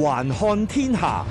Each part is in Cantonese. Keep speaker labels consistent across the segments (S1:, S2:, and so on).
S1: 環看天下。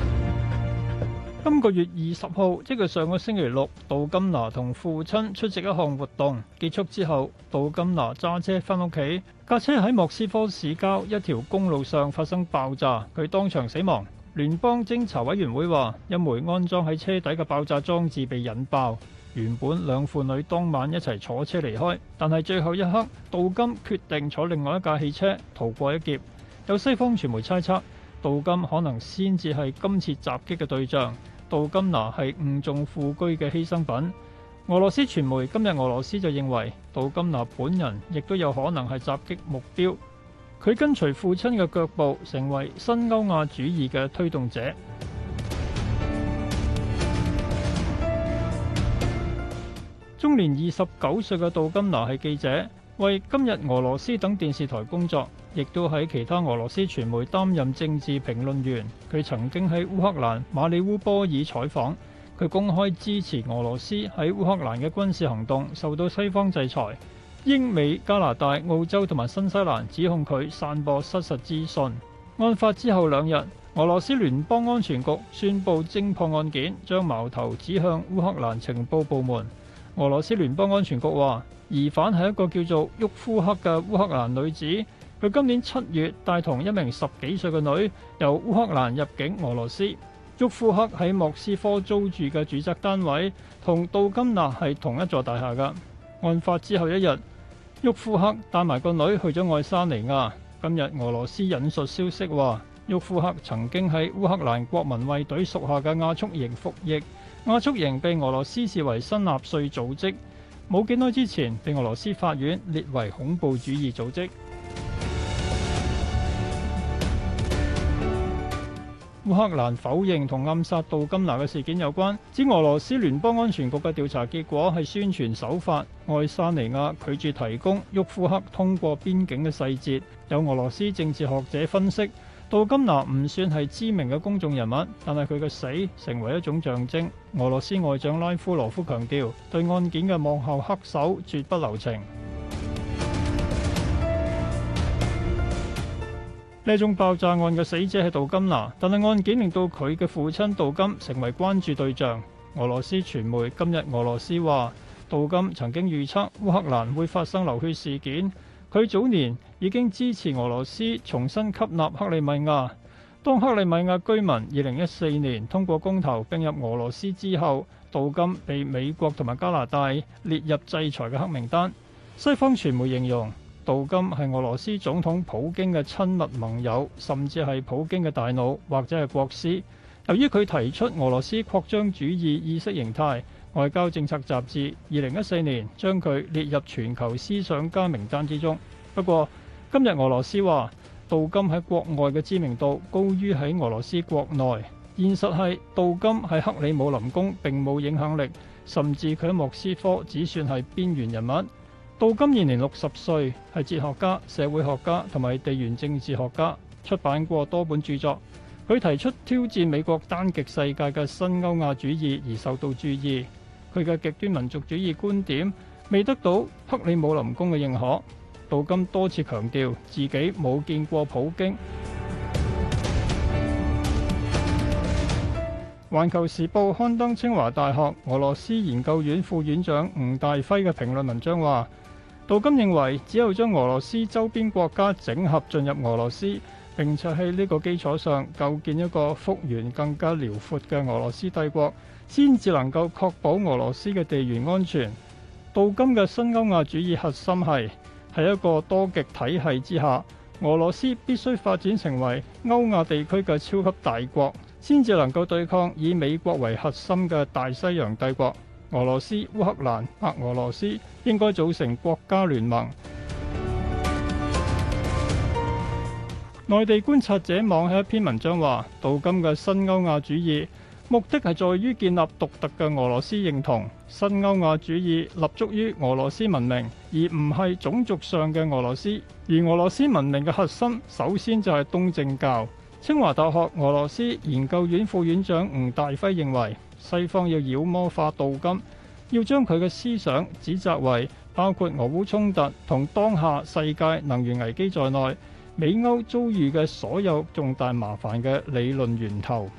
S1: 今個月二十號，即係上個星期六，杜金娜同父親出席一項活動。結束之後，杜金娜揸車返屋企，架車喺莫斯科市郊一條公路上發生爆炸，佢當場死亡。聯邦偵查委員會話，一枚安裝喺車底嘅爆炸裝置被引爆。原本兩父女當晚一齊坐車離開，但係最後一刻，杜金決定坐另外一架汽車逃過一劫。有西方傳媒猜測，杜金可能先至係今次襲擊嘅對象，杜金娜係誤中副車嘅犧牲品。俄羅斯傳媒今日俄羅斯就認為，杜金娜本人亦都有可能係襲擊目標。佢跟隨父親嘅腳步，成為新歐亞主義嘅推動者。終年二十九歲嘅杜金娜係記者。為今日俄羅斯等電視台工作，亦都喺其他俄羅斯傳媒擔任政治評論員。佢曾經喺烏克蘭馬里烏波爾採訪，佢公開支持俄羅斯喺烏克蘭嘅軍事行動，受到西方制裁。英美、加拿大、澳洲同埋新西蘭指控佢散播失實資訊。案發之後兩日，俄羅斯聯邦安全局宣布偵破案件，將矛頭指向烏克蘭情報部門。俄羅斯聯邦安全局話。疑犯係一個叫做沃夫克嘅烏克蘭女子，佢今年七月帶同一名十幾歲嘅女由烏克蘭入境俄羅斯。沃夫克喺莫斯科租住嘅住宅單位同杜金娜係同一座大廈㗎。案發之後一日，沃夫克帶埋個女去咗愛沙尼亞。今日俄羅斯引述消息話，沃夫克曾經喺烏克蘭國民衛隊屬下嘅亞速營服役，亞速營被俄羅斯視為新納粹組織。冇幾耐之前，被俄羅斯法院列為恐怖主義組織。烏克蘭否認同暗殺杜金娜嘅事件有關，指俄羅斯聯邦安全局嘅調查結果係宣傳手法。愛沙尼亞拒絕提供沃夫克通過邊境嘅細節。有俄羅斯政治學者分析。杜金娜唔算係知名嘅公眾人物，但係佢嘅死成為一種象徵。俄羅斯外長拉夫羅夫強調，對案件嘅幕後黑手絕不留情。呢 種爆炸案嘅死者係杜金娜，但係案件令到佢嘅父親杜金成為關注對象。俄羅斯傳媒今日俄羅斯話，杜金曾經預測烏克蘭會發生流血事件。佢早年已經支持俄羅斯重新吸納克里米亞。當克里米亞居民二零一四年通過公投並入俄羅斯之後，杜金被美國同埋加拿大列入制裁嘅黑名單。西方傳媒形容杜金係俄羅斯總統普京嘅親密盟友，甚至係普京嘅大腦或者係國師。由於佢提出俄羅斯擴張主義意識形態。外交政策雜誌二零一四年將佢列入全球思想家名單之中。不過今日俄羅斯話杜金喺國外嘅知名度高於喺俄羅斯國內。現實係杜金喺克里姆林宮並冇影響力，甚至佢喺莫斯科只算係邊緣人物。杜金現年六十歲，係哲學家、社會學家同埋地緣政治學家，出版過多本著作。佢提出挑戰美國單極世界嘅新歐亞主義，而受到注意。佢嘅極端民族主義觀點未得到克里姆林宮嘅認可。杜金多次強調自己冇見過普京。 《環球時報》刊登清華大學俄羅斯研究院副院長吳大輝嘅評論文章，話杜金認為只有將俄羅斯周邊國家整合進入俄羅斯。並且喺呢個基礎上構建一個復原更加遼闊嘅俄羅斯帝國，先至能夠確保俄羅斯嘅地緣安全。杜金嘅新歐亞主義核心係喺一個多極體系之下，俄羅斯必須發展成為歐亞地區嘅超級大國，先至能夠對抗以美國為核心嘅大西洋帝國。俄羅斯、烏克蘭、白俄羅斯應該組成國家聯盟。內地觀察者網喺一篇文章話，杜金嘅新歐亞主義目的係在於建立獨特嘅俄羅斯認同。新歐亞主義立足於俄羅斯文明，而唔係種族上嘅俄羅斯。而俄羅斯文明嘅核心，首先就係東正教。清華大學俄羅斯研究院副院長吳大輝認為，西方要妖魔化杜金，要將佢嘅思想指責為包括俄烏衝突同當下世界能源危機在內，美歐遭遇嘅所有重大麻煩嘅理論源頭。